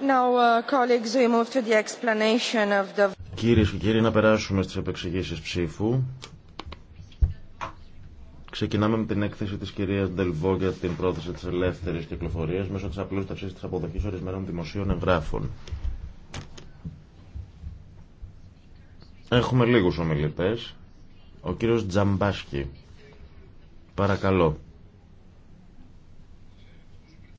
Now, uh, Κυρίες και κύριοι, να περάσουμε στις επεξηγήσεις ψήφου. Ξεκινάμε με την έκθεση της κυρίας Ντελβό για την πρόθεση της ελεύθερης κυκλοφορίας μέσω της απλούστευσης της αποδοχής ορισμένων δημοσίων εγγράφων. Έχουμε λίγους ομιλητές. Ο κύριος Τζαμπάσκι. Παρακαλώ.